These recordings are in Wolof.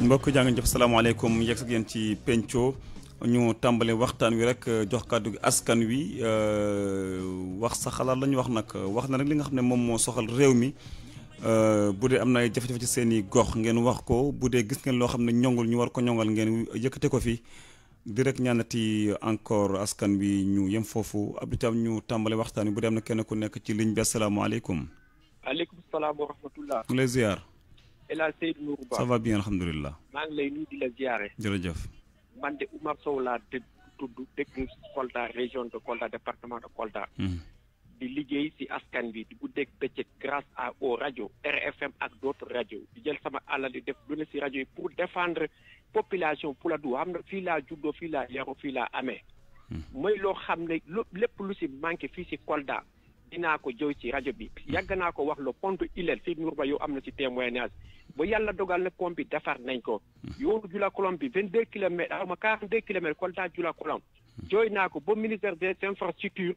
mbokk jaa ngeen jëf salaamaaleykum yegg ak yéen ci penco ñu tàmbali waxtaan wi rek jox kàddu gi askan wi euh, wax sa xalaat la wax nag wax na rek li nga xam ne moom moo soxal réew mi Euh, bu dee am na ay jafe-jafe ci seen i gox ngeen wax ko bu dee gis ngeen loo xam ne ñongul ñu war ko ñongal ngeen yëkkate ko fi di rek ñaanati encore askan bi ñu yem foofu Abdou Thiam ñu tàmbale waxtaan wi bu dee am na kenn ku nekk ci ligne bi asalaamaaleykum. aleykum salaam wa rahmatullah. ñu lay ziar. El jërëjëf. man de tudd dëkk Kolda région département de Kolda. Hmm. di liggéey si askan bi di guddeeg bëccëg grâce à au rajo RFM ak d' autres rajo di jël sama alal di def lu ne si rajo yi pour défendre population pour xam na fii laa juddoo fii laa yaroo fii laa amee. Hmm. mooy loo xam ne lépp lu si manqué fii si Kolda dinaa ko jow ci rajo bi. Hmm. yàgg naa ko wax le pont Ilel fii Nour ba yow am na si témoignage ba yàlla dogal na pont bi defar nañ ko. Hmm. yoonu Jula Kolom bi 22 kilomètres xaw ma 42 kilomètres Kolda Jula Kolom. jooy naa ko ba ministère des infrastructures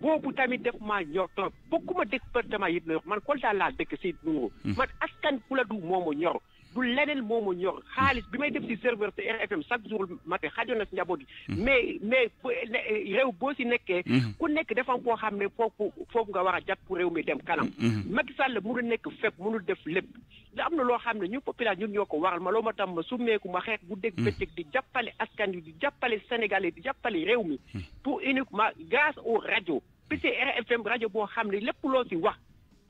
boobu tamit def maa ñor trop ma département yi na wax man Kolda laa dëkk si Nouro hmm. man askan ku la du moomu ñor du leneen moomu ñor xaalis bi may def si serveur te RFM chaque jour matin xajoon na si njaboot gi hmm. mais mais réew boo si nekkee hmm. ku nekk dafa am koo xam ne foofu foofu nga war a jàpp pour réew mi dem kanam Macky Sall mënul nekk fépp mënul def lépp da am na loo xam ne ñun population ñun ñoo ko waral ma loo tam ma summeeku ma xeex bu dégg bëccëg di jàppale askan yi di jàppale sénégalais di jàppale réew mi pour uniquement grâce au radios PCR FM rajo boo xam ne lépp loo si wax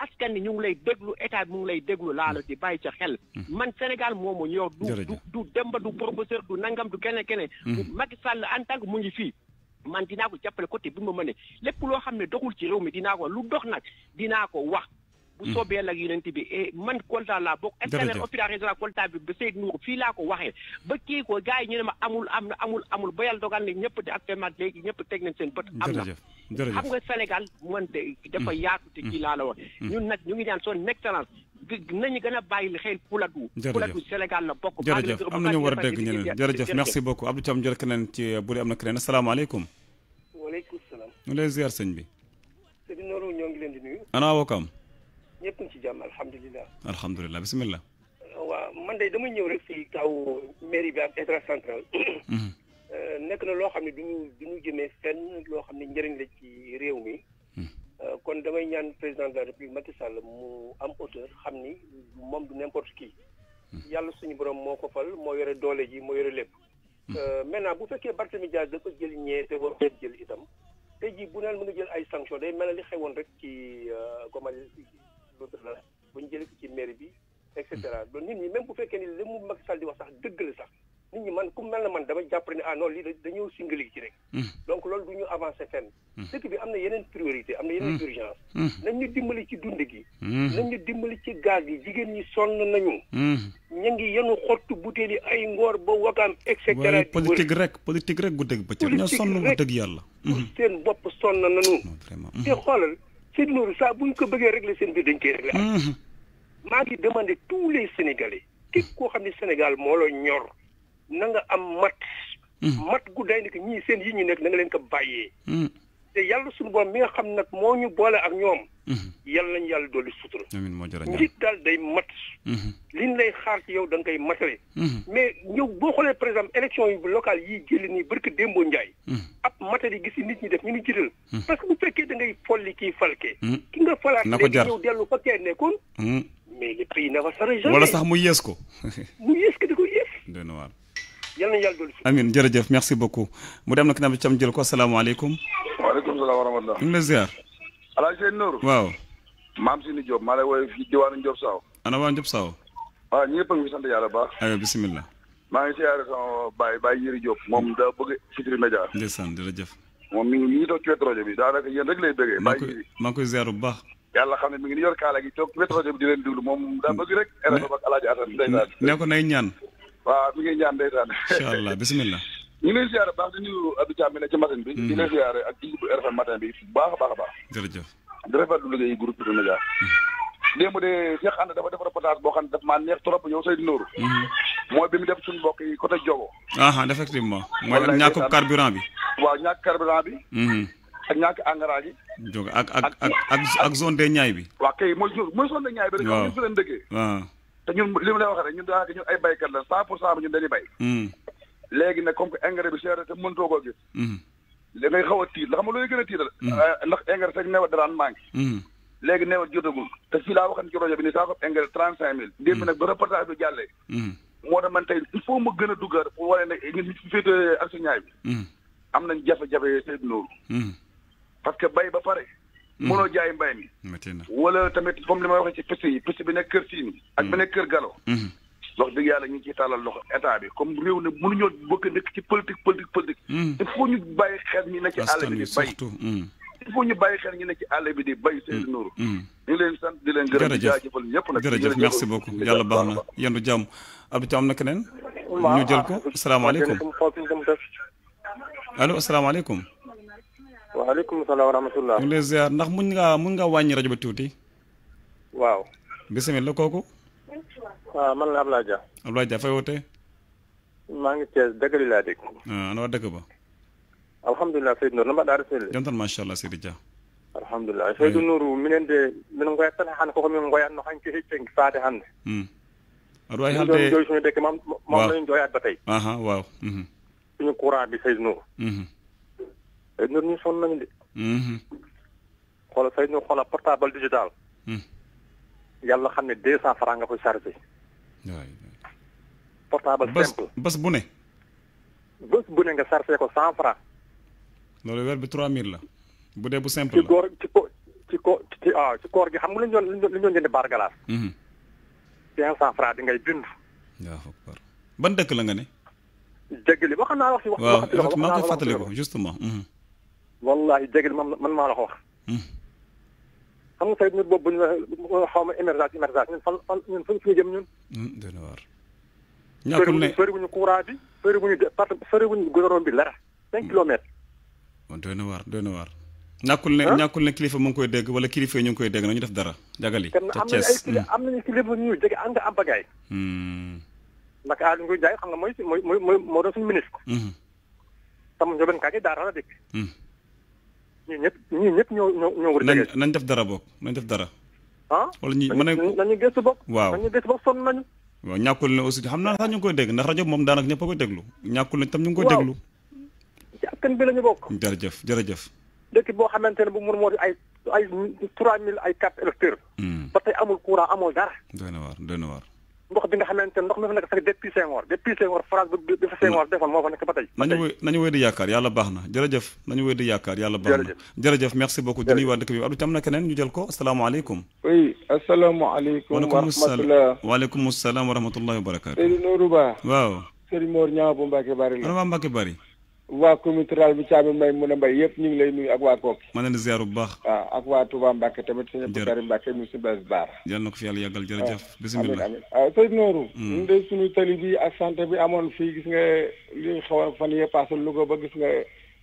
askan ni ñu ngi lay déglu état bi mu ngi lay déglu laala si bàyyi ca xel hmm. man Sénégal moomu yow du demba du professeur du nangam du keneen keneen hmm. Macky Sall en tant que mu ngi fii man dinaa ko jàppale côté bi ma ne lépp loo xam ne dogul ci réew mi dinaa ko lu dox nag dinaa ko wax bu soobee nag yonent bi e man Kolda laa bokk intérêt hôpital régional Kolda bi ba Seydou Nour fii laa ko waxee ba kii ko gars yi ñu ne ma amul am na amul amul ba yàlla dogal ne ñëpp de actuellement te ñëpp teg nañ seen bët am na xam nga Sénégal man de dafa mm. yaatu te kii mm. laa la wax mm. ñun nag ñu ngi ñaan son excellence nañu gën a bàyyi xel Pouladou Pouladou Sénégal la bokk jërëjëf am na ñu war a dégg ñeneen jërëjëf merci beaucoup Abdou Thiam jël keneen ci bu dee am na keneen asalaamaaleykum waaleykum salaam lay ziar bi sëñ Nourou ñoo ngi leen di nuyu ñëpp ci jàmm alhamdulilah alhamdulilah bismillah Wa man day dama ñëw rek ci kaw mairie bi ak état central nekk na loo xam duñu duñu jëmee fenn loo xam ne la ci réew mi kon damay ñaan président de la république Macky Sall mu am auteur xam ni du n'importe qui yàlla suñu borom moo fal moo yore doole ji moo yore lépp maintenant bu fekkee Barthélemy Diaz dafa jël ñee te war jël itam tey jii bu naan mën a jël ay sanction day mel li xewoon rek ci comment de la donc bu fekkee ni li mu Macky Sall di wax sax dëgg la sax nit ñi man na man dama jàpp ne ah ci rek hmm. donc loolu du ñu avancé fenn dëkk hmm. bi am na yeneen priorité am na yeneen hmm. urgence nañ ñu dimbali ci dund gi nañ ñu dimbali ci gaz gi jigéen ñi sonn nañu ñu ngi yenu xottu butéel yi ay ngoor ba wakaam et cetera politique rek politique rek guddeeg bëccëg ñoo sonn guddeeg yàlla seen bopp sonn nañu te xoolal seen loolu saa bu ñu ko bëggee régler seen biir dañ koy régler ak mhm. maa ngi demander tous les sénégalais képp koo xam ni Sénégal moo la ñor na nga am mat mhm. mat gu day nekk ñii seen yi ñu nekk na nga leen ko bàyyee mhm. te yàlla suñu borom bi nga xam nag moo ñu boole ak ñoom. Mhm. yàlla nañ yàlla dolli sutura. amiin moo jërëjëf njiit daal day mhm. lay xaar yow da nga koy matale. Mhm. mais ñëw boo xoolee par exemple élection yu locale yi jëli nii barke Dembo Ndiaye. ab gis nit ñi def ñu ni jiital. parce que bu fekkee da ngay folli kii falke ki nga falaat léegi ñëw dellu fa kee nekkoon. mais le pays ne va s'arrêter jamais. wala sax mu yées ko. mu yées ko di ko yées. dëgg la yàlla na yàlla dolli sutura. amiin jërëjëf merci beaucoup mu dem nag ki nga xam ne jël ko salaamaaleykum. rahmatulah wa rahmatulah. ñu ngi lay ziar. Alaaji Seyni Nour. waaw. maam Sini Diop maa lay woowee fii diwaanu Diop Saaw. ana waa Diop Saaw. waaw ñëpp a ngi fi sant yàlla baax. aywa bisimilah. maa ngi siyaare sama baay baay Yiri Diop moom daa bëgg Futurs Médias. ndeysaan jërëjëf. moom mi ngi mi ngi toog ci wetu bi daanaka yéen rek lay bëggee. maa ngi koy maa ngi koy ziar bu baax. yàlla xam ne mi ngi yor kaala gi toog wetu rajo bi di leen déglu moom daa bëgg rek. RFM ak Alaaji Assane ndeysaan. ne ko nay ñaan. waaw mi ngi ñaan ndeysaan. incha allah bisimilah. ñu ngi leen siyaare baax di nuyu habitant bi ne mm. ci matin bi. di leen siyaare ak baax a baax a baax. jërëjëf. di rafetlu liggéey groupe de médias. Mm. démb de boo xam ne daf maa neex trop yow Seydou mm-hmm. bi mu def suñu mbokk yi côté Diogo. ah, ah effectivement. mooy ñàkkub carburant bi. waaw ñàkk a bi. Mm-hmm. ak ñàkk engrais yi. donc ak ak ak ak zone des bi. waaw kay mooy mooy zone des Niayes bi. waaw rek ñun fi leen dëggee. waaw te ñun li wax rek ñun daanaka ñun ay baykat la 100 pour 100 bi ñun dañuy bay. Mm. léegi nag comme que engrais bi cher te mënutoo koo gis. li mhm. ngay xaw a tiit la xam nga gën a tiital. Mhm. Ah, ndax engrais rek nawet daraan maa ngi. Mhm. léegi nawet jotagul te fii laa waxoon ci rajo bi ni saako engrais trent cinq mille. démb nag ba reportage bi moo tax man tey il ma gën a duggaat pour wane ne ñun fi féetee ak ñaay bi. am nañ jafe-jafe Seydou Nour. parce que bay ba pare. mënoo jaay mbay mi. wala tamit comme li may waxee ci piste yi piste bi nekk kër Sini. ak bi nekk kër Galo. wax dëgg yàlla ñu ngi ciy tàllal loxo état bi comme réew ne mënuñoo bëgg a dëkk ci politique politique politique. Hmm. il faut ñu bàyyi xel ñi ne ci àll bi di bay hmm. il faut ñu bàyyi xel ñi ne ci àll bi di bay hmm. Seydou Nourou. ñu ngi leen sant di leen gërëm. jaajëfal ñëpp nag jërëjëf merci beaucoup yàlla baax na yendu jàmm Abdou Thiam am na keneen. ñu jël ko asalaamaaleykum allo asalaamaaleykum. waaleykum salaam wa rahmatulah. ñu ngi lay ziar ndax mun ngaa mun nga wàññi rajo bi tuuti. waaw. bisimilah kooku. waaw ah, man la Abdoulaye Dia. Abdoulaye Dia fay wootee. maa ngi Thiès dëkk bi laa dégg. ana waa dëkk ba. alhamdulilah Seydou Nour na mbaɗa aɗa selli jontan machallah seydi dia alhamdulillah seydu nouru minen de minen goyat tan hannde koko min goyatno hanki heccenki faade hannde aɗa wawi haalde joysuno deke mamlamin joyat ba tawi aha waw ɗum hmm. courant bi seydu nouru hmm. seydu nouru min sonnami de holo hmm. seydu nouru hola portable digital yalla hannde deux cent franc nga fof chargé waay portable simple bés bu ne bés bu ne nga chargé ko cent franc loolu weer bi la bu dee bu simple ci góor ci ko ci ko ci waaw ah, ci koor gi xam nga lu ñu lu ñu doon jënd baar galaas mhm. cinq cent franc di ngay bind waaw akbar ban dëkk la nga ne jégali wax naa wax si wax waaw maa koy fàttali ko justement mhm. wallahi man man maa la ko wax mhm. xam nga boobu ñu xaw ma émergence émergence ñun fan fan ñun jëm ñun Hmm, dana waar. ñàkkul ne soriwuñu courant bi soriwuñu parce que soriwuñu goudron bi dara. 5 hmm. kilomètres. kon doy na waar doy na waar. ñàkkul ne ñàkkul ne kilifa mu ngi koy dégg wala kilifa yi ñu ngi koy dégg na ñu def dara. jagali ca Thiès te am nañu kilifa ñu jóge ànd am hmm. bagaay. ndax Aly Ngouille Ndiaye xam nga mooy mooy mooy moo doon suñu ministre. sama njóobeen kaa ci daara la dëkk. ñun ñëpp ñun ñëpp ñoo ñoo ñoo war a. nañ def dara boog nañ def dara. ah wala ñi ma ne nañu gëstu bokk waaw nañu gëstu bopp sonn nañu ñàkkul ne aussi xam naa sax ñu ngi koy dégg ndax rajo moom daanaka ñëpp a koy déglu ñàkkul ne tam ñu ngi koy déglu ci askan bi la ñu bokk jërëjëf jërëjëf dëkk boo xamante ne bu mën moo ay ay trois mille ay quatre électeurs hmm. ba tey amul courant amul dara doy na waar doy na waar ndox bi nga xamante ndox mi fa nekk sax depuis Senghor depuis Senghor France nañu wéy nañu wéy di yaakaar yàlla baax na jërëjëf nañu wéy di yaakaar yàlla baax na jërëjëf merci beaucoup di nuyu waa dëkk bi Abdou tam na keneen ñu jël ko asalaamaaleykum salaam wa rahmatullahi wa barakatu Seydou Nourou Ba waaw Serigne Mor Niang bu Mbacke Bari la waa Mbacke Bari waa commune rurale bu Thiamé Mbaye mun a mbay yëpp ñu ngi lay nuyu ak waa Koki. ma leen bu baax. waaw ah, ak waa Touba Mbacke tamit. jërëjëf sëñ Abdou Mbacke mu si bés baar. yal na ko fi yàlla yàggal ah, jërëjëf. bisimilah amiin amiin ah, sëñ Nooru. Hmm. bi ak santé bi amoon fii gis nga li xaw a fan yee paase Louga ba gis nga.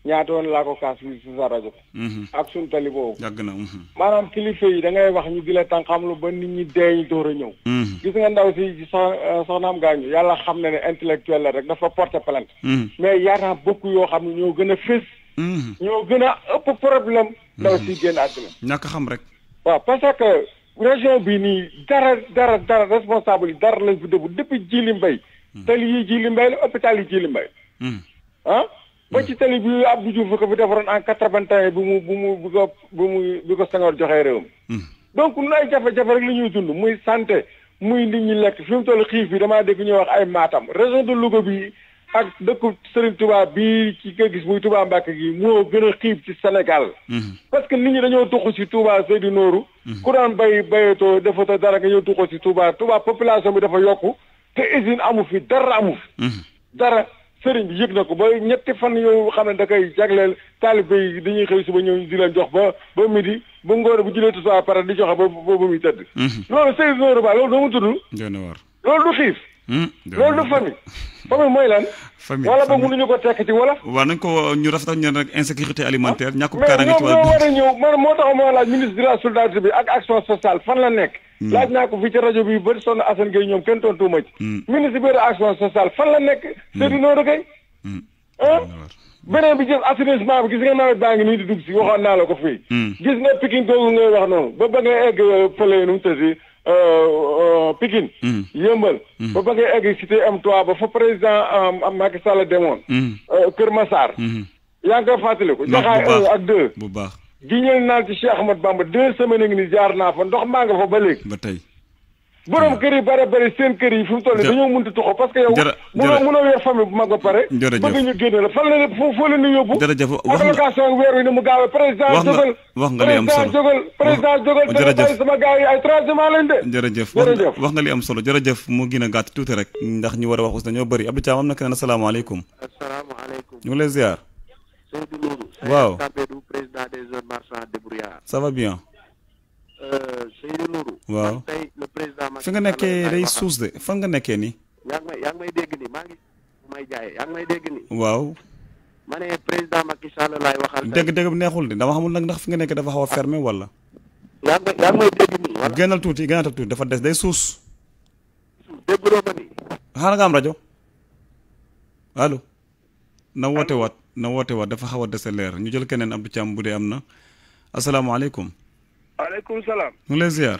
ñaata woon laa ko kaas li si sa rajo. Mhm. ak suñ tali boobu. yàgg na. Mhm. maanaam kilifa yi da ngay wax ñu di la tànqamlu ba nit ñi deeñ door a ñëw. Mhm. gis nga ndaw si sox euh, soxnaam gaañu yàlla xam na ne intellectuel la rek dafa porter plainte. mais yaata bokk yoo xam ne ñoo gën a fés. ñoo gën a ëpp problème. ndaw si génn àdduna. ñàkk xam rek. waaw parce que région bi nii dara dara dara responsable yi dara lañ fi déglu depuis Djily Mbaye. tali yi Djily Mbaye la hôpital yi Djily Mbaye. ah. ba ci tali bi Abdou Diouf ko fi defaroon en 81 vingt un bi mu bu mu bu ko bu mu bu ko Senghor joxee réew hmm. donc nun ay jafé jafe rek li ñuy dund muy santé muy nit ñi lekk fi mu toll xiif bi dama dégg ñu wax ay matam raison de Louga bi ak dëkku Serigne Touba bi ci nga gis muy Touba Mbacke gi moo gën a ci Sénégal hmm. parce que nit ñi dañoo tuxu ci Touba Seydou Nourou hmm. ku daan bay bayatoo defatoo dara nga ñëw tuxu ci Touba Touba population bi dafa yokku te usine amu fi dara amu dara sëriñ bi yëg na ko ba ñetti fan yoo xam ne da koy jagleel taalibe yi dañuy xëy suba ñëw di leen jox ba ba midi ba ngoone bu jëlee tuuti pare di joxe ba ba muy tëdd. Mhm. loolu sëriñ Nourou Ba loolu doo ma tudd. loolu du xiif. Hmm? loolu du famille famille mooy lan famille wala ba ñu ko tekk ci wala waaw nañ ko ñu rafetal ñeen rek insécurité alimentaire ñàkku kaaraange ci a ñëw man moo bi ak action sociale la nekk hmm. laaj naa ko fii ci rajo bi ba sonn Assane Gueye ñoom kenn tontu ma ci hmm. ministre bi de action sociale fan la nekk Seydou Nourou Gueye ah beneen bi jëf assainissement bi gis nga nawet baa ngi nii di dugg si waxoon naa la ko fii gis nga Pikine googu ngay wax noonu ba ba nga egg fële nu mu Euh, euh, Pikine. Hmm. yëmbal. Hmm. ba ba ngay egg cité am 3 ba fa président Macky Sall demoon. Hmm. Euh, Kër masaar yaa ngi koy fàttaliku. jaxaay un ak deux bu baax. gi ñëw naan ci Cheikh Ahmad Bamba deux semaines ngi ni jaar naa fa ndox maa nga fa ba léegi. ba tey. borom kër bare bare seen kër yi mu toll dañoo mënut a tuxoo parce que yow. jërë famille bu mag ba pare. bëgg ñu génne la fan la foo foo wax nga wax nga li am solo président jógal président jógal wax nga li am solo jërëjëf mu gën a gàtt tuuti rek. ndax ñu war a wax aussi dañoo bëri Abdou Thiam am na keneen asalaamaaleykum. asalaamaaleykum. ñu ngi lay ziar. waaw président des jeunes marchands débrouillards. Seydou Nourou. waaw tey le président fi nga nekkee suus de fan nga nekkee nii. yaa ngi may yaa ngi may dégg nii maa ngi may jaay yaa ngi may dégg nii. waaw. ma ne président Macky Sall laay waxal. dégg-dégg neexul de dama xamul nag ndax fi nga nekk dafa xaw a fermé wala. yaa ngi yaa ngi may dégg nii. voilà gënal tuuti gënal tuuti dafa des day suus. suus ma nii. xaaral nga am rajo allo. na woote na dafa xaw a dese leer ñu jël keneen Abdou bu dee am na asalaamaaleykum. waaleykum salaam. mu ngi lay ziar.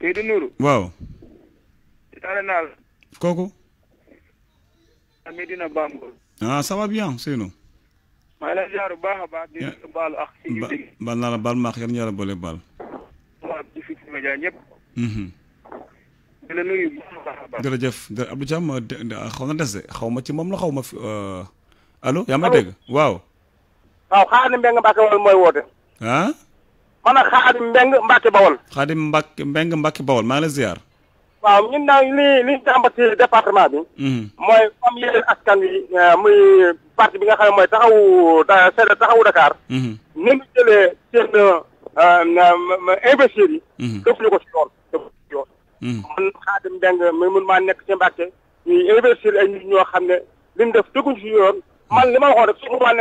di Nourou. waaw. ziare naa la. kooku. Medina ah ça bien Seynou. maa ngi lay ziar mhm. bu baax a baax. di baalu naa la baal maax yan ñaar boole baal. waaw di fi ci média a baax. jërëjëf jërëjëf euh, xaw na des de xaw ma ci moom la xaw ma fi euh, allo. yaa ma dégg waaw. waaw xaaral Mbengue Mbacke wala mooy woote. ah. man a Xaadim Mbeng Mbàkke Bawol Xaadim Mbàkke Mbeng Mbàkke Bawol maa ngi la ziar waaw ñun nag li li ñu jàmbati département bi hmm. mooy comme yeneen askan wi euh, muy parti bi nga xam ne mooy taxawu seede taxawu Dakar hmm. ni ñu jëlee seen euh, investir hmm. ko si yoon man Xaadim Mbeng mi mun maa nekk ci Mbàkke ñuy investir ay nit ñoo xam ne li ñu def dëgguñ si yoon man li ma waxoon rek su ma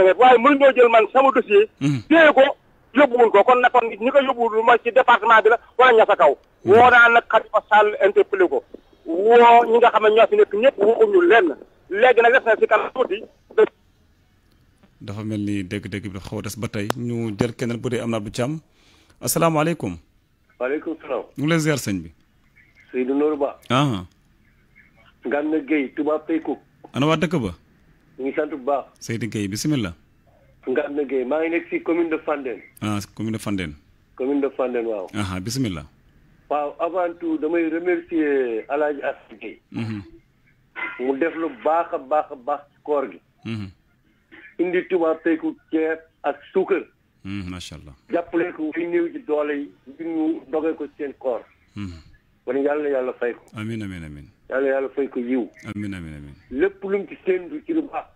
nekk waaye mënuñoo jël man sama dossier téye yóbbuwuñ ko kon nag kon ñi ko yóbbuwul ma ci département bi la wala ña sa kaw. Hmm. woo naa nag Khalifa Sall interpellé ko woo ñi nga xam ne ñoo fi nekk ñëpp waxuñu lenn léegi nag des na si kanam tuuti. dafa mel ni dégg-dégg bi dafa xaw a des ba tey ñu jël keneen bu dee am na Abdou Thiam asalaamaaleykum. waaleykum salaam. ñu ngi lay ziar sëñ bi. Seydou Nourou Ba. ah. Gana Gueye dëkk ba. ñu ngi sant bu baax. Seydou bisimilah. Ngane Gueye maa ngi nekk si commune de Fandène. Ah, commune de Fandène. commune de Fandène waaw. bisimilah. waaw avant tout damay remercier El Hadj Assane Gueye. Mhm. mu def lu baax a baax a baax ci koor gi. Mhm. indi tubaab peeku ceeb ak suukar. Mhm, macha allah jàppale ko fi néew ci doole yi ngir ñu doge ko seen koor. kon yàlla yàlla fay ko. amiin amiin amiin. yàlla yàlla fay ko yiw. amiin amiin lépp lu mu ci séentu ci lu baax.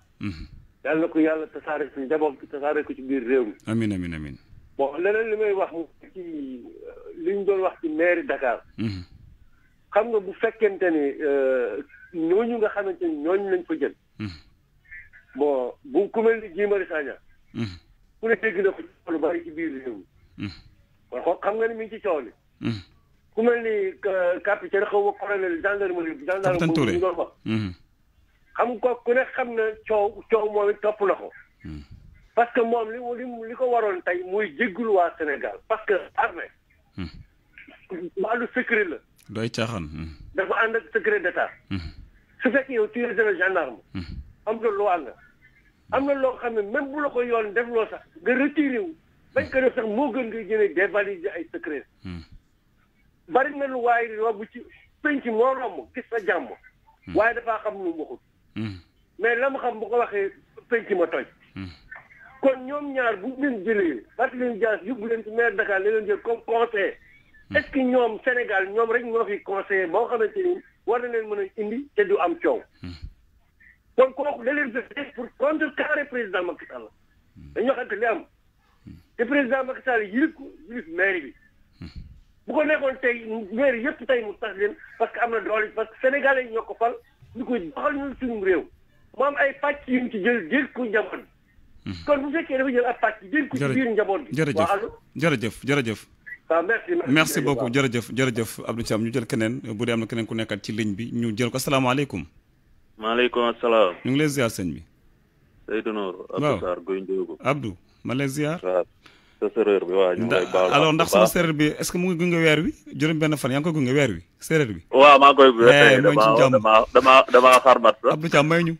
yàlla na ko yàlla tasaare ci njaboot bi tasaare ko ci biir réew mi. amiin amiin amiin. bon leneen li may wax ci li ñu doon wax ci mairie Dakar. Mm-hmm. xam nga bu fekkente ni euh, ñooñu nga xamante ni ñooñu lañ fa jël. Mm-hmm. bon bu ku mel ni Guy Marius Sagna. Mm-hmm. ku ne dégg na ko ci lu bari ci biir réew mi. kon xam nga ni mi ngi ci coow li. ku mel ni euh, capitaine xaw ma colonel gendarmerie gendarmerie boobu ñu doon wax. xam ko ku ne xam na coow coow moom it topp na ko. parce que moom li li li ko waroon tey muy jéggul waa Sénégal parce que armée. wàllu secret la. doy caaxaan. Hmm. dafa ànd ak secret d'état. Hmm. su fekkee yow tu es gendarme. Hmm. am na loo nga. am na loo xam ne même bu la ko yoon def loo sax nga retiré wu. bañ ko def sax moo gën nga jëlee dévaliser ay secret. bari na lu waaye bu ci penc moo romb gis sa jàmm. waaye dafaa xam lu mu mais la mu xam bu ko waxee penc ma toj. kon ñoom ñaar bu leen jëlee Barthélémy Dias yóbbu leen ci maire Dakar la leen jël comme ñoom senegal ñoom rek ñoo fi conseiller boo xamante ni war na leen mën a indi te du am coow. kon kooku da leen def pour contrecarrer président Macky Sall dañu waxante li am te président Macky Sall yilif ko yilif maire bi bu ko nekkoon tey maire yëpp tey mu tax leen parce que am na doole parce que sénégalais ñoo ko fal. ñu koy doxal ñun suñu réew mu am ay pàcc yu ñu ci jël jël ko njaboot bi hmm. kon bu fekkee dafa jël ab pàcc jël ko ci biir jërëjëf jërëjëf jërëjëf merci merci beaucoup jërëjëf jërëjëf Abdou Thiam ñu jël keneen bu dee am na keneen ku nekkat ci ligne bi ñu jël ko asalaamaaleykum maaleykum salaam ñu ngi lay ziar sëñ bi Seydou ma lay ziar sa séeréer bi waaw ñu ngi koy alors ndax sama séeréer bi est-ce mu ngi gunge weer wi juróom-benn fan yaa ngi koy gunge weer wi séeréer bi. waaw maa ngi koy gunge eh, tey damaa damaa damaa damaa xarmat sax. Abdou Thiam may ñu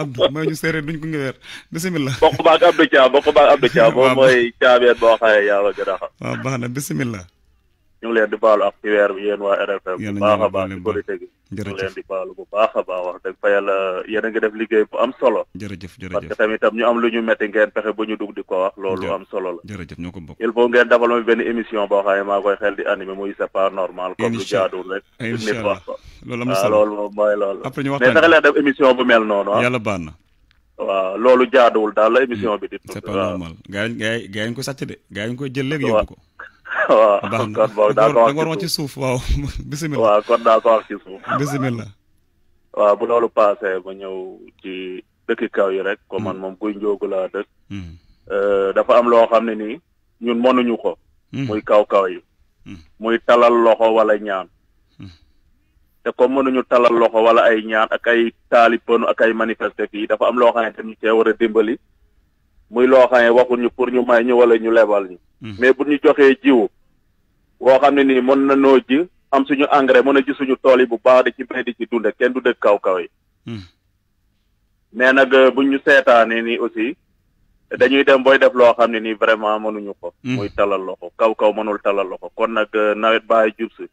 Abdou may ñu séeréer duñ gunge weer bisimilah. bokk baag Abdou Thiam bokk baag Abdou Thiam moom mooy caabeen boo xaye yaa ma gën a baax na bisimilah. ñu ngi leen di baalu ak ci weer bi yéen waa RFM bu baax a baax ci politique bi ñu leen di baalu bu baax a baax wax dëgg fa yàlla yéen a ngi def liggéey bu am solo jërëjëf jërëjëf parce que tamit tam ñu am lu ñu metti ngeen pexe ba ñu dugg di ko wax loolu am solo la jërëjëf ñoo ko bokk il faut ngeen defal ma benn émission boo xam ne maa koy xel di animé muy c'est pas normal comme lu jaaduwul rek nit wax ko loolu am solo ah, loolu mooy loolu après ñu waxtaan mais fexe def émission bu mel noonu ah. yàlla baax na waaw loolu jaaduwul daal la émission bi di hmm. c'est pas normal gaay gaay gaay ko sàcc de gaay ko jël léegi yóbbu ko waaw kon boog daa ko ci suuf da nga war wax ci suuf waaw bisimilah. waaw kon daa ko wax ci suuf. bisimilah. waaw bu loolu paasee ba ñëw ci dëkki kaw yi rek. ko hmm. man moom kuy njóogu laa dëkk. Hmm. Euh, dafa am loo xam ne nii ñun mënuñu ko. Hmm. muy kaw kaw yi. muy talal loxo wala ñaan. te comme mënuñu talal loxo wala ay ñaan ak ay taalipanu ak ay manifeste fii dafa am loo xam ne dañu cee war a dimbali. muy loo xam ne waxul ñu pour ñu may ñu wala ñu lebal ñu. Mm-hmm. mais bu ñu joxee jiw woo xam ne nii mën na noo ji am suñu engrais mën a ji suñu tool yi bu baax di ci bay di ci dunde kenn du dëkk kaw kaw yi. Mm-hmm. mais nag euh, buñ ñu seetaanee nii aussi dañuy dem booy def loo xam ne nii vraiment mënuñu ko. Mm-hmm. muy talal loxo kaw kaw mënul talal loxo kon nag euh, nawet baa jub si.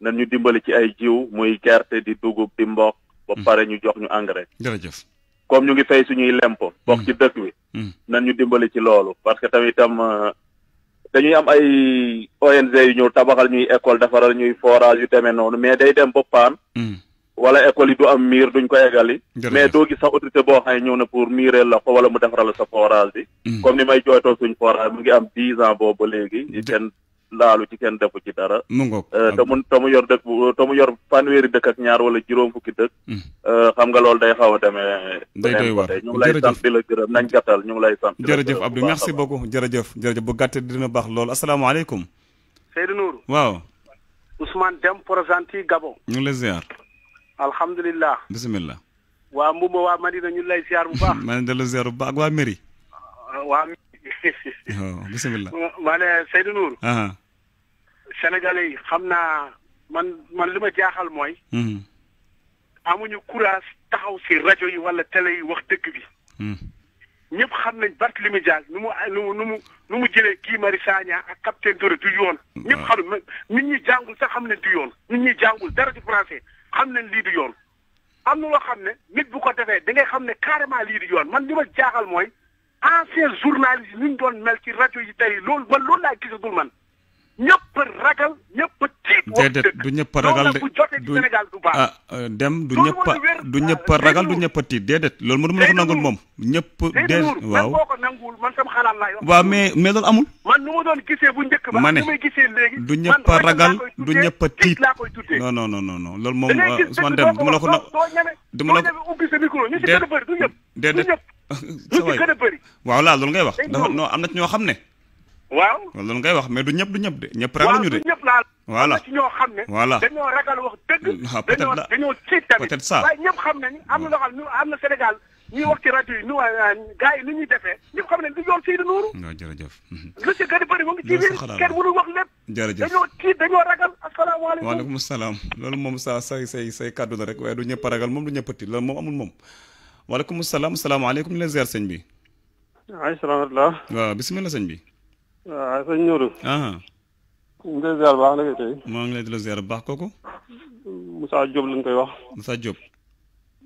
nañ ñu dimbali ci ay jiw muy gerte di dugub di mboq. ba pare ñu jox ñu engrais. comme ñu ngi fay suñuy lempo bokk mm. ci dëkk bi mm. nan ñu dimbali ci loolu parce que tamit tam euh, dañuy am ay ONG yu ñëw tabaxal ñuy ecole defaral ñuy forage yu demee noonu mais day dem ba paan mm. wala école yi du am miir duñ ko eggali mais doo gis sax autorité boo xam ne ñëw na pour miireel la wala mu defaral sa forage bi comme ni may jooytoo suñ forage mu ngi am dix ans boobu ba léegi kenn laalu ci kenn defu ci dara. mu ngoog euh, te mu te mu yor dëkk te mu yor fanweeri dëkk ak ñaar wala juróom fukki dëkk. Hmm. Euh, xam nga loolu day xaw a demee. day doy waar lay sant di la gërëm nañ gàttal ñu ngi lay sant. jërëjëf Abdou merci beaucoup jërëjëf jërëjëf bu gàttee dina baax loolu asalaamaaleykum. Seydou Nour. waaw. Ousmane Dem Porosanti Gabon. ñu ngi lay ziar. alhamdulilah. bisimilah. waa Mbumba waa Madina ñu lay ziar bu baax. maa ngi delloo ziar bu baax ak waa mairie. waa. bisimilah. ma ne sénégalais yi xam naa man man li ma jaaxal mooy. Hmm. amuñu courage taxaw si rajo yi wala tele yi wax dëkk bi. Hmm. ñëpp xam nañ Barthélémy Dias nu mu nu mu nu mu jëlee kii Mari Sagna ak capitaine Touré du yoon. Hmm. ñëpp xam nit ñuy jàngul se xam ne du yoon. nit ñi jàngul dara ci français xam nañ lii di yoon. am na loo xam ne nit bu ko defee da ngay xam ne carrément lii du yoon man li ma jaaxal mooy ancien journaliste yi ñu doon mel ci rajo yi tey loolu man loolu laa gisatul man. ñëpp ragal ñëpp tiit. déedéet du ñëpp ragal de du Sénégal du baax. ah euh, dem du ñëpp du ñëpp ragal du ñëpp tiit déedéet loolu mënu ma ko nangul moom. ñëpp déedéet waaw boo ko nanguwul man sama xalaat laay wax. waaw mais mais loolu amul. man nu ma doon gisee bu njëkk ba. ma ne du ñëpp ragal du ñëpp tiit non non non non loolu moom Ousmane euh, Deme duma la ko na duma la ko ubbi sa micro ñu ci gën a bëri du ñëpp. déedéet sa waay waaw laa loolu ngay wax dafa non am na ci ñoo xam ne waaw loolu ngay wax mais du ñëpp du ñëpp de ñëpp ragal ñu de ñëpp laa voilà ci wax dëgg dañoo tiit dañoo ragal asalaamaaleykum waaleykum salaam loolu moom sa say say say kàddu la rek waaye du ñëpp ragal moom du ñëpp loolu moom amul moom waaleykum salaam salaamaaleykum ñu la ziar bi waaw bismillah sëñ bi waaw ah, sëñ Nourou. ñu ngi lay ziar baax naka tey. maa ngi lay delloo ziar bu baax kooku. Moussa Diop lañ koy wax. Moussa Diop.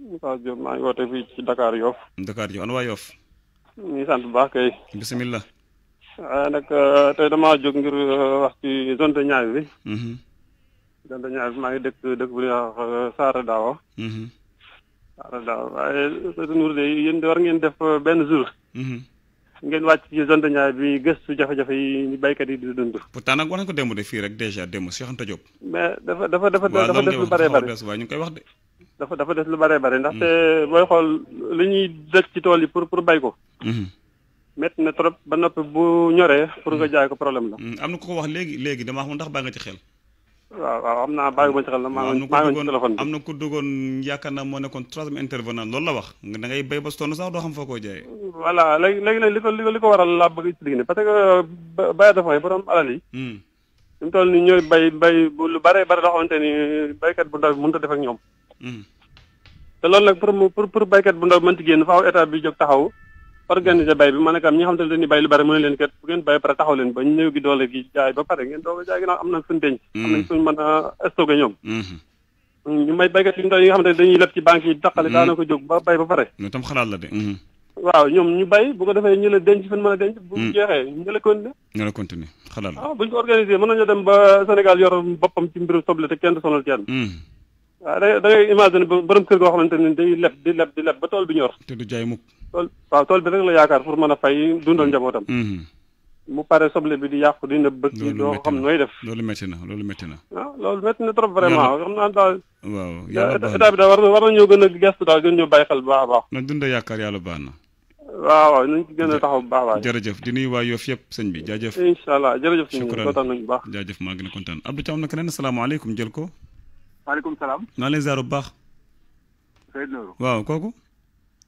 Moussa Diop maa ngi woote fii Dakar Yoff. Dakar Yoff ana waa Yoff. ñu ngi sant bu baax kay. bisimilah. waaye ah, nag ah, tey damaa jóg ngir wax ci zone de mm-hmm. bi. maa ngi dëkk dëkk bu ñuy wax Saara Daawa. Mm-hmm. Saara Daawa waaye sëñ Nourou de yéen war ngeen def benn jour. Mm-hmm. ngeen wàcc ci zone de Niayes bi gëstu jafe-jafe yi béykat yi di dund. pourtant nag war nañu ko démb de fii rek dèjà démb Cheikh Anta Diop. mais dafa dafa dafa dafa des lu bëree bëri waaw ñu koy wax de. dafa dafa des lu bëree bëri ndaxte hmm. booy xool li ñuy dëj ci tool yi pour pour béy ko. Hmm. métti na trop ba noppi bu ñoree pour nga hmm. jaay ko problème la. am na ko ko wax léegi léegi damaa xam ndax baa nga ci xel. waaw waaw xam naa bàyyi ma ci xel na maa téléphone bi am na ku duggoon yaakaar naa moo nekkoon troisième intervenant loolu la wax da ngay béy ba sonn sax doo xam foo koo jaayee voilà léegi léegi nag li ko li ko waral laa bëgg expliqué ne parce que bàyyi borom alal li hmm. mu toll ni ñooy bay bay lu bare bare loo xamante ni baykat bu ndaw bi mënut a def ak ñoom hmm. te loolu nag pour pour pour baykat bu ndaw mënti génn faaw état bi jog taxaw organiser bay bi maanaam ñi nga xamante ne dañuy bay lu bari mu ne leen kat bu ngeen bay pare taxaw leen ba pare ngeen am nañ suñ mm. mm-hmm. mm, ñu may baykat yu ndaw yi nga xamante ne dañuy mm-hmm. ko jóg ba bay ñu mm-hmm. ñoom ñu bay bu ko defee ñu la denc a denc bu mm. jeexee ñu la continuer ñu la continuer ah, ko organiser mën nañoo dem ba Sénégal yor boppam ci mbirum soble te kenn du sonal kenn waaw da da ngay imaginer borom kër goo xamante ne day leb di ba tool bi ñor te du jaay mukk tool waaw tool bi rek la yaakaar pour man a fay dundal mm. njabootam. Mm-hmm. mu pare soble bi di yàqu di nëb bët yi doo xam nooy def. loolu métti na loolu métti na. ah loolu métti na trop vraiment xam naa daal. waaw yàlla baax na état bi daal war na war nañoo gën a gestu daal gën ñoo bàyyi xel bu baax baax. na dund yaakaar yàlla baax na. waaw waaw nañ ci a bu baax waay. jërëjëf di nuyu waa Yoff yëpp sëñ bi jaajëf. incha allah jërëjëf sëñ bi kontaan nañu bu baax jaajëf maa gën a kontaan Abdou Thiam na keneen asalaamaaleykum jël ko. maaleykum salaam. naa leen bu baax. waaw kooku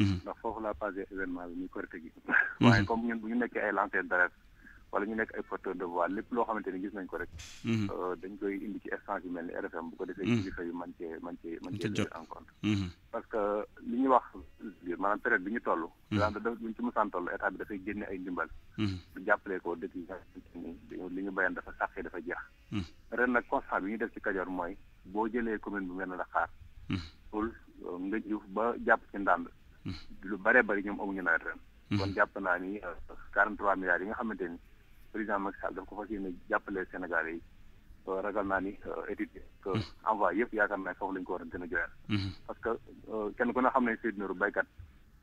Mhm. ndax foofu laa passé événement bi muy korite gi mhm. waaye comme ñun bu ñu nekkee ay lanceur d'alerte wala ñu nekk ay porteur de voix lépp loo xamante ni gis nañ ko rek mhm. euh, dañ koy indi ci instance yu mel ni RFM bu ko defee kilifa yu man cee man cee man cee en compte parce que li ñuy wax biir maanaam période bi ñu toll da luñu ci mosaan toll état bi dafay génne ay ndimbal bu jàppalee ko dëkk yi nga xamante ni li ñu béyoon dafa sàqee dafa jeex ren nag constat bi ñu def ci Kajoor mooy boo jëlee commune bu mel ne Dakar tul nga juuf ba jàpp ci ndànd lu bëree bëri ñoom amuñu nawet ren. Mhm. kon jàpp naa ni 43 euh, milliards yi nga xamante ni président Macky Sall daf ko fas yéene jàppale Sénégal yi euh, ragal naa ni euh, étude que mhm. envoyé yëpp yaakaar naa foofu lañ ko war a gën a joxe. Mhm. parce que kenn ku ne xam ne Seydou Nourou baykat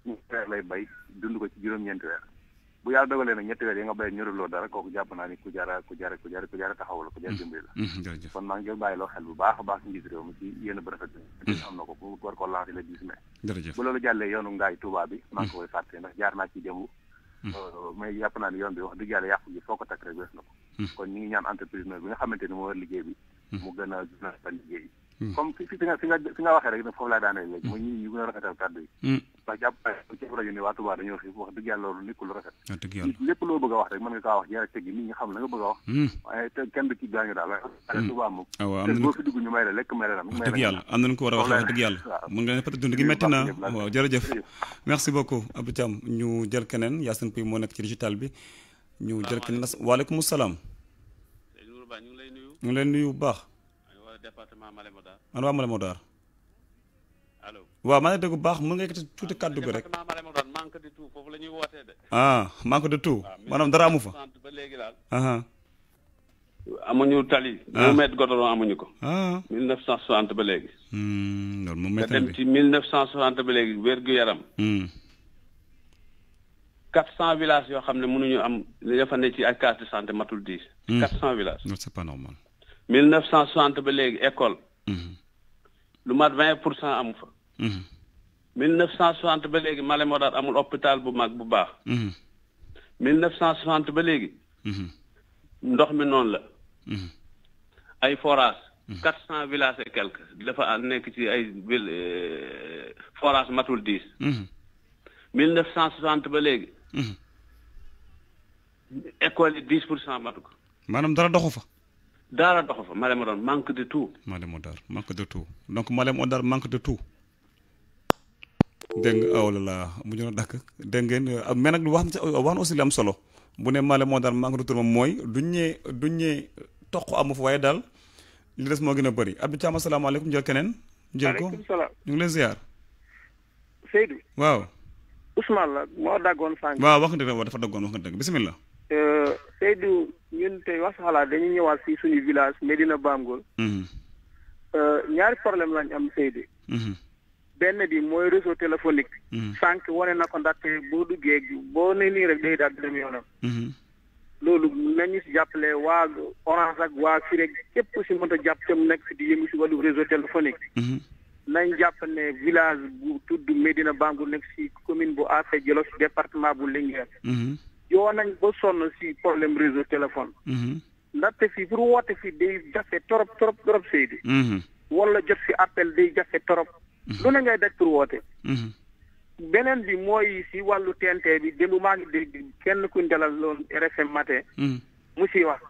ñeenti lay bay dund ko ci juróom-ñeenti weer. bu yàlla dogalee nag ñetti weer yi nga béy ñoruloo dara kooku jàpp naa ni ku jara ku jara ku jara ku jara taxaw la ku jara mm-hmm. dimbali la mm-hmm. kon maa ngi bàyyi loo xel bu baax a baax njiit réew mi ci yéen bu bi mm-hmm. am na ko pour war ko lancer le 10 bi maa ko koy fàtte ndax jaar naa ci démb euh, mais yàpp naa ni yoon bi wax dëgg yàlla yàqu gi foo ko takk rek wees na kon ñu ngi ñaan entrepreneur bi nga xamante ni moo war liggéey bi mu gën a gën a liggéey Hmm. comme fi fi nga fi nga fi nga waxee rek foofu laa daanee léegi hmm. mooy ñi ñu gën a rafetal kàddu yi ndax hmm. jàpp waa Touba a la nga bëgg moom ah lekk may la yàlla am nañu ko war a wax wax yàlla mën nga ne peut-être dund gi métti na waaw jërëjëf merci beaucoup ñu jël keneen Yacine Pouy moo nekk ci digital bi ñu jël keneen waaleykum salaam ñu ngi leen nuyu bu baax département Malem Hodar. man waa Malem Hodar. allo waaw maa ngi dégg bu baax mën nga yëkkati tuuti kàddu gi rek. manque de tout foofu la ñuy wootee de. ah manque de tout. maanaam dara amu fa. ba léegi daal. amuñu tali. ah mètre goudron amuñu ko. ah 1960 ba léegi. Hmm, loolu moom métti na dem ci 1960 ba léegi wér yaram yaram 400 villages yoo xam ne mënuñu am li dafa ne ci ay case de santé matul 10. 400 hmm. villages. non c'est pas normal. 1960 ba léegi école. lu mat vingt pour cent amu fa. mille ba léegi Malem Hodar amul hôpital bu mag bu baax. mille ba léegi. ndox mi noonu la. ay forage quatre villages et quelques dafa nekk ci ay ville forage matul dix. mille ba léegi. école yi dix pour cent matu ko. maanaam dara doxu fa. daara doxu fa Malem Hodar manque de tout. Malem Hodar manque de tout donc moo Hodar manque de tout. dégg nga awla ah, oh la mu ñu dakk dégg ngeen ah, mais nag wax wax na aussi am solo bu ne Malem Hodar manque de tout mooy duñ ñee du ñee toq amu fa waaye daal li des moo gën a bëri Abdou Thiam asalaamaaleykum jël keneen. jël ko ñu ngi leen ziar. Seydou. waaw. Ousmane la moo daggoon sànq. waaw wax nga dëgg dafa daggoon wax nga dëgg bisimilah. Euh, Seydou ñun tey wax xalaat dañu ñëwaat si suñu village Medina Bamgol. Mhm. Euh, ñaari problème lañ am Seydou. Mhm. benn bi mooy réseau téléphonique. Mhm. sànq wane na ko ndaxte boo duggee boo nee nii rek day daal di dem yoonam. loolu nañu si jàppale waa orange ak waa fii rek képp si mën jàpp te mu nekk si di yëngu si wàllu réseau téléphonique. nañ jàpp ne village bu tudd Medina Bamgol nekk si commune bu Affé Djolof département bu Linguère. yoo nañ ba sonn si problème réseau téléphone. Mhm. ndaxte fii pour woote fii day jafe trop trop trop Seydi. Mhm. wala jot si appel day jafe trop. Mhm. lu ne ngay daj pour woote. beneen bi mooy si wàllu TNT bi démb maa ngi dégg kenn ku dalal loon RFM matin. mu siy wax.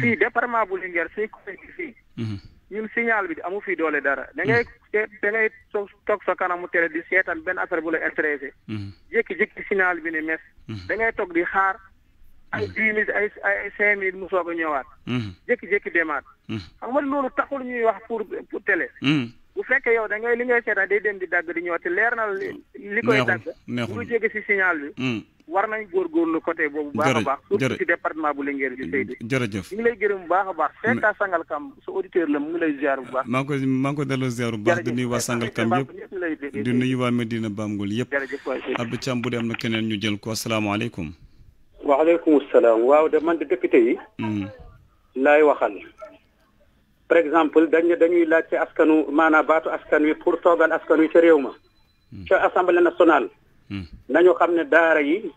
fii département bu Linguère suñu ko fii. ñun signal bi amu fi doole dara. da ngay mm. da ngay toog sa kanamu télé di seetaan benn affaire bu la intéressé. Mm. jékki-jékki signal bi ne mes. Mm. da ngay toog di xaar ay dix minutes ay ay cinq minutes mu soog a ñëwaat. jékki-jékki demaat. xam nga loolu taxul ñuy wax pour pour télé. bu fekkee yow da ngay li ngay seetaan day dem di dagg di ñëwaat te leer na li koy dagg. neexul jóge si signal bi. war góor góorgóorlu côté boobu baax a baax surtout ci département bu Linguère bi Seydou mm, jërëjëf ñu ngi lay gërëm bu baax a baax fekka mm. Sangalkam sa auditeur la mu ngi lay ziar bu baax maa ngi ko maa ngi ko delloo ziar bu baax di nuyu waa Sangalkam yëpp di nuyu waa Medina Bamgoul yëpp Abdou bu dee am na keneen ñu jël ko asalaamaaleykum waaleykum salaam waaw de man de député yi mm. laay waxal par exemple dañ dañuy laaj laajte askanu maanaa baatu askan wi pour toogal askan wi ca réew ma ca assemblée nañu xam ne daara yi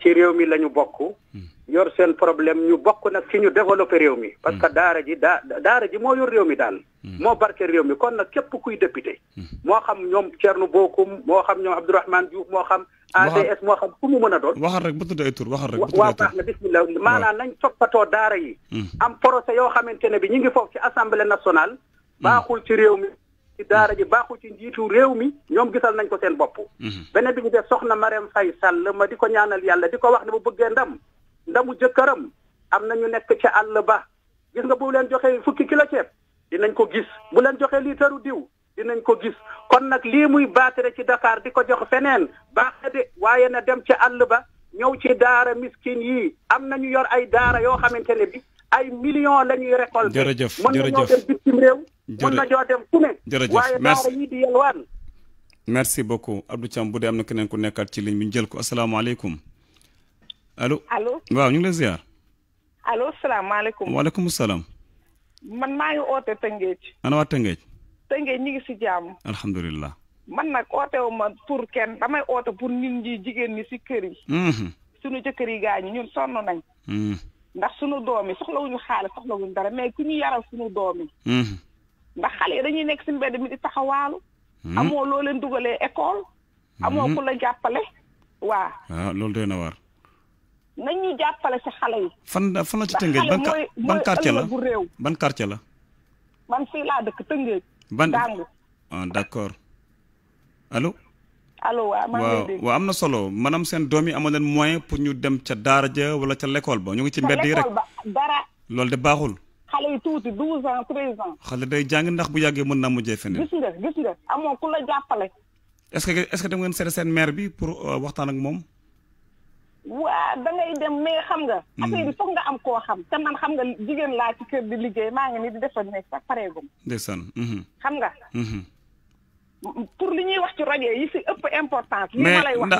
ci réew mi la ñu bokk yor seen problème ñu bokk nag ci ñu développé réew mi parce que daara ji daa daara ji moo yor réew mi daal moo barke réew mi kon nag képp kuy député moo xam ñoom Thierno Bocoum moo xam ñoom Abdourahmane Diouf moo xam ADS moo xam ku mu mën a doon waxal rek bu tudd ay tur waxal rek waaw baax na bismillah maanaam nañ toppatoo daara yi hmm. am projet yoo xamante ne bi ñu ngi foofu ci assemblée nationale hmm. baaxul ci réew mi ci daara ji baaxul ci njiitu réew mi ñoom gisal nañ ko seen bopp mhm. beneen bi ñu def soxna Marème Faye Sall ma di ko ñaanal yàlla di ko wax ne bu bëggee ndam ndamu jëkkëram am na ñu nekk ca àll ba gis nga bu leen joxee fukki kilo ceeb dinañ ko gis bu leen joxee liitaru diw dinañ ko gis kon nag lii muy baatare ci Dakar di ko jox feneen baax na de waaye na dem ca àll ba ñëw ci daara miskin yi am nañu yor ay daara yoo xamante ne bi ay million la ñuy récolté. jërëjëf jërëjëf mën nañoo dem bitim réew. mën nañoo dem fu ne. jërëjëf merci waaye daara yii bu dee am na keneen ku nekkaat ci ligne bi ñu jël ko asalaamaaleykum. allo allo waaw ñu ngi lay ziar. allo salaamaaleykum. waaleykum salaam. man maa ngi oote Tëngéej. ana waa Tëngéej. Tëngéej ñu ngi si jàmm. alhamdulilah. man nag oote ma pour kenn damay oote pour nit ñi jigéen ñi si kër yi. Mhm. suñu jëkkër yi gaañu ñun sonn nañ. Mhm. ndax suñu doom yi soxlawuñu xaalis soxlawuñu dara mais ku ñu yaral suñu doom yi mhm. ndax xale yi dañuy nekk si mbedd mi di taxawaalu mhm. amoo loo leen dugalee école mhm. amoo ku la jàppale waa ah, loolu doy na waar nañ jàppale si xale yi fan fan la ci tëngéej ban quartier la ban quartier la man fii laa dëkk tëngéej ban ah d'accord alo allo waaw maa ngi lay am na solo maanaam seen doom yi amoon leen moyen pour ñu dem ca daara ja wala ca l'école ba ñu ngi ci mbedd yi rek dara loolu de baaxul xale yi tuuti douze ans treize ans xale day jàng ndax bu yàggee mën naa mujjee feneen gis nga gis nga amoo ku la jàppale est-ce que est-ce que dem ngeen seet seen maire bi pour euh, waxtaan ak moom waa da dem mais xam nga hmm. affaire bi foog nga am koo xam te xam nga jigéen laa ci kër di liggéey maa ngi ni di nekk sax hmm. xam nga hmm. pour li ñuy wax ci rajo yi c'est ëpp importance. li ma lay wax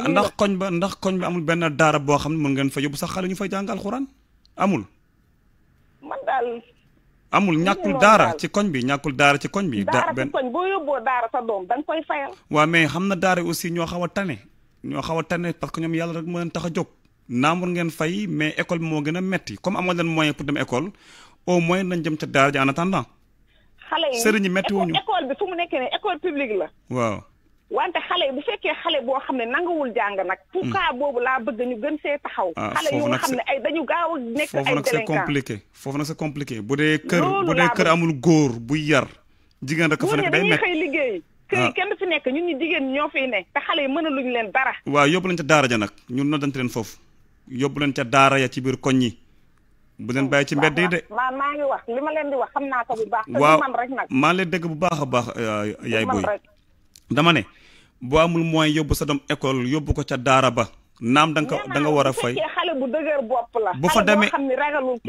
ba ndax ba amul benn dara boo xam ne mën ngeen fa yóbbu sax xale amul. man amul ñàkkul daara ci koñ bi ñàkkul daara ci koñ bi. daara ci koñ boo yóbboo daara sa doom da nga koy fayal. waaw mais xam na daara aussi ñoo xaw a tane ñoo xaw a tane parce que ñoom yàlla rek tax a xale yi sëriñ yi métti wuñu école bi fu mu nekkee ne école publique la. waaw wante xale yi bu fekkee xale boo xam ne nanguwul jàng nag. pour hmm. cas boobu laa bëgg ñu gën see taxaw. Ah, xale yu nga a nekk ay. délinquant foofu nag c'est compliqué foofu nag c'est compliqué bu dee kër bu dee kër amul góor buy yar. jigéen rek fa nekk day nekk xëy liggéey. kër yi ah. kenn du nekk ñun ñu jigéen ñoo fiy ne. te xale yi mënaluñ leen dara. waaw yóbbu leen ca daara ja nag ñun noddante leen foofu yóbbu leen ca daara ya ci biir koñ yi bu leen bàyyi ci mbedd yi de. maa maa ngi bu baax. waaw maa leen dégg bu baax a baax. Euh, yaay booy dama ne. boo amul mooy yóbbu sa doom école yóbbu ko ca daara ba. naam da nga ko da war a fay bu dëgër bopp la. bu fa demee xam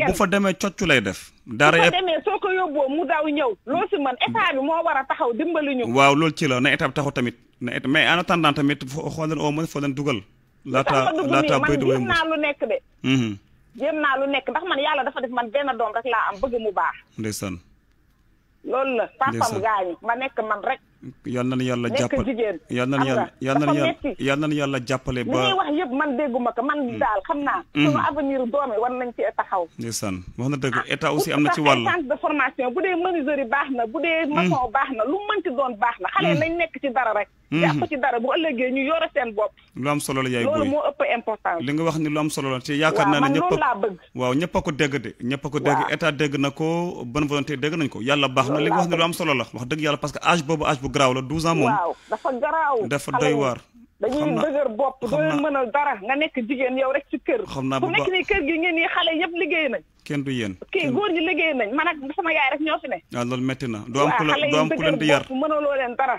bu fa demee coccu lay def. daara bu fa demee soo ko yóbboo mu daw ñëw. loo si mën état bi moo war a taxaw dimbali ñu. waaw loolu ci la na état bi taxaw tamit na état mais en attendant tamit foo xool leen au moins foo leen dugal. laata laata béy du man gis nekk de. Mm-hmm. jéem naa lu nekk ndax man yàlla dafa def man benn doom rek laa am bëgg mu baax. ndeysaan. loolu la papaam gaañu ma nekk man rek. yal na nu yàlla jàppale nekk jigéen. yal na nu yàlla na nu yàlla yal na nu yàlla jàppale ba. li ñuy wax yëpp man dégguma ko man mm. daal xam naa. Mm. sunu avenir doom yi war nañ ci taxaw. ndeysaan wax na dëgg ah, état aussi am na ci wàll. centre de formation bu dee menuiserie baax na bu dee mm. maçon baax na lu mënti doon baax na. xale nañ nekk ci dara rek. yàqu hmm. ci dara bu ëllëgee ñu yore seen bopp lu am solo la yaay booy li nga wax ni lu am solo la te yaakaar naa na ñëpp laa waaw ñëpp ko dégg de ñëpp a ko dégg état dégg na ko bonne volonté dégg nañ ko yàlla baax na li nga wax ni lu am solo la wax dëgg yàlla parce que âge boobu âge bu garaaw la douze ans moom dafa garaaw dafa doy waar dañuy dëgër bopp doo leen mën a dara nga nekk jigéen yow rek ci kër bu nekk ni kër gi ngeen nii xale yëpp liggéey nañ kenn du yéen kii góor ñi liggéey nañ man ak sama yaay rek ñoo fi ne waaw ah, loolu na doo am leen di yar mënaloo leen dara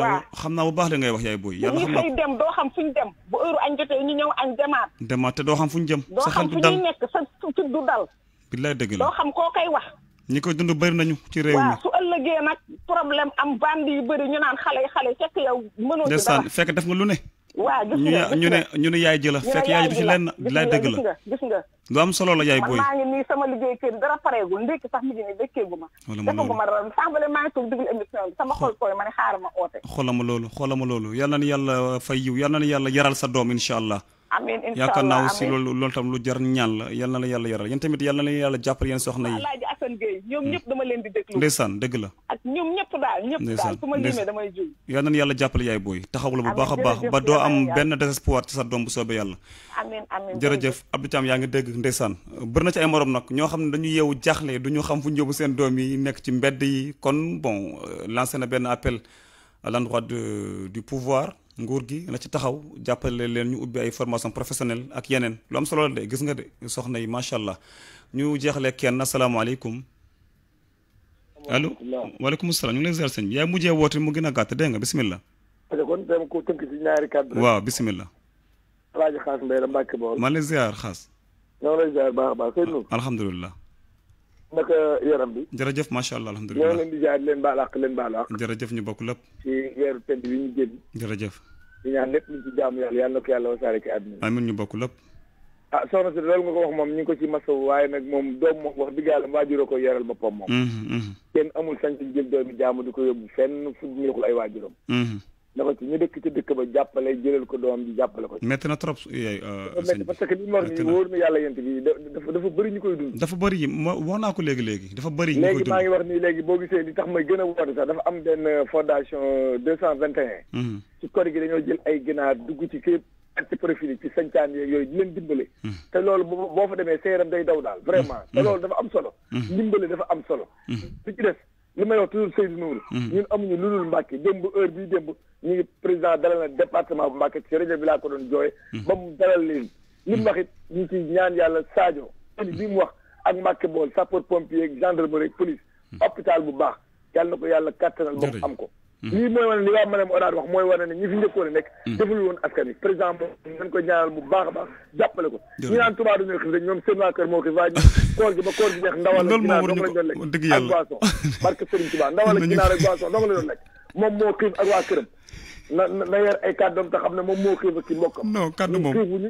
waaw xam naa bu baax li ngay wax yaay booy yàlla xam naa dem doo xam fuñ dem bu heure añ jotee ñu ñëw añ demaat demaat te doo xam fuñ jëm sa xel doo xam fu ñuy nekk sa fit dal billaay dëgg la doo xam koo koy wax ñi koy dund bari nañu ci réew mi waaw su ëllëgee nag problème am bandi yu bëri ñu naan xale xale fekk yow mënoo ci dara fekk def nga lu ne waaw ñu ne ñu ne yaay jëla fekk yaay jëla ci lenn laay dëgg la gis nga lu am solo la yaay booy maa ngi nii sama liggéey kër dara pareegul ndékki sax mi ngi nii dëkkeegu ma defagu ma dara sàmbale maa ngi toog déglu émission bi sama xol tooy ma ne xaar ma oote xoolama loolu xoolama loolu yal na ni yàlla fay yiw yal na ni yàlla yaral sa doom incha allah amin inshallah yaakaar naa aussi loolu loolu tam lu jar ñaan la yal na la yàlla yaral yéen tamit yal na la yàlla jàppal yéen soxna yi alaaji Assane Gueye ñoom hmm. ñëpp dama leen di déglu ndeysaan dëgg la ak ñoom ñëpp daal ñëpp daal su ma limee damay juy yal na yàlla jàppal yaay booy taxawul bu baax baax ba doo am benn désespoir ci sa doom bu soobee amin amin jërëjëf Abdou Thiam yaa ngi dégg ndeysaan bëri na ci ay morom nag ñoo xam ne dañu yeewu jaaxle duñu xam fu ñu yóbbu seen doom yi nekk ci mbedd yi kon bon euh, lancé na benn appel à l'endroit du pouvoir nguur gi na ci taxaw jàppale leen ñu ubbi ay formation professionnelle ak yeneen lu am solo la de gis nga de soxna yi macha allah ñu jeexalee kenn asalaamaaleykum. allo waaleykum salaam ñu ngi lay bi yaa mujjee mu gën a gàtt nga bisimilah. kon dama waaw bisimilah. El maa ngi alhamdulilah. naka yaram bi. jërëjëf macha allah alhamdulilah ñoo leen di jaay leen baal àq leen baal àq. jërëjëf ñu bokk lépp. ci weeru tedd bi ñu génn. jërëjëf. di ñaan lépp lu ci jaamu yàlla yàlla na ko yàlla wasaare ci àdduna bi. amiin ñu bokk lépp. ah soxna si loolu nga ko wax moom ñu ko ci masawu waaye nag moom doom moom wax dëgg yàlla waajuroo ko yaral boppam moom. Mhm, mhm. kenn amul sañ ci jël doomi jaamu di ko yóbbu fenn fu ñu ay waajuram. Mhm. dafa ci ñu dëkk ci dëkk ba jàppale jëlal ko doom ji jàppale ko. métti na trop yooyu. Eh, eh, sëñ parce que li nii wóor na yàlla yent bi dafa dafa bëri ñu koy dund. dafa bëri ma wax naa léegi léegi dafa bari ñu koy dund léegi maa ngi wax nii léegi boo gisee li tax may gën a dafa am benn fondation deux cent vingt et un. Mm-hmm. ci kor gi dañoo jël ay ginaar dugg ci képp ak ci profil ci sañcaan yooyu di leen dimbale. Mm-hmm. te loolu boo fa demee séeram day daw daal. vraiment mm-hmm. te loolu dafa am solo. dimbale dafa am solo. li ci des li may wax toujours Seydou Nourou. Hmm. ñun amuñu lu dul Mbacke démb heure bii démb ñu ngi président dalal na département bu Mbacke ci rajo bi laa ko doon jooye. Hmm. ba mu dalal hmm. li mu wax it ñu ci ñaan yàlla Sadio. bi mu wax ak Mbacke bool sapeur pompier gendarmerie police. hôpital bu baax yàlla na ko yàlla kattanal ba mu am ko. lii mhm. mooy wane ni waa ma ne mooy wane ne ñi fi nekk mhm. deful woon askan yi président moom ko ñaanal bu baax a baax jàppale ko ñu naan tubaab dañoo xis ñoom seen waa kër moo xis koor gi ba koor gi neex ndawal ak ginaar dong lañ doon lekk ak boisson barke Serigne Touba ndawal ak ginaar ak boisson lekk moom moo xiif ak waa këram na na yer ay kàddoom te xam ne moom moo xiif ci mbokkam. non kàddu moom xiifuñu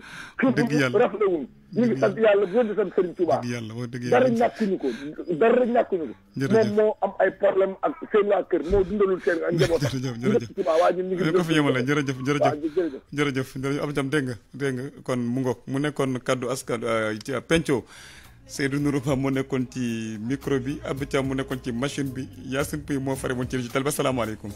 yàlla bu di sant Serigne Touba dara ñàkkuñu ko dara ñàkkuñu ko moom moo ak seen waa ak njabootam jërëjëf Touba waa ñun ñu ngi ko jërëjëf jërëjëf jërëjëf jërëjëf am jam dégg nga dégg nga kon mu ngoog mu nekkoon kàddu askan euh, ci penco Seydou Nourou Ba moo nekkoon ci micro bi Abdou Thiam mu nekkoon ci machine bi Yacine Pouy moo fare moon ci digital ba salaamaaleykum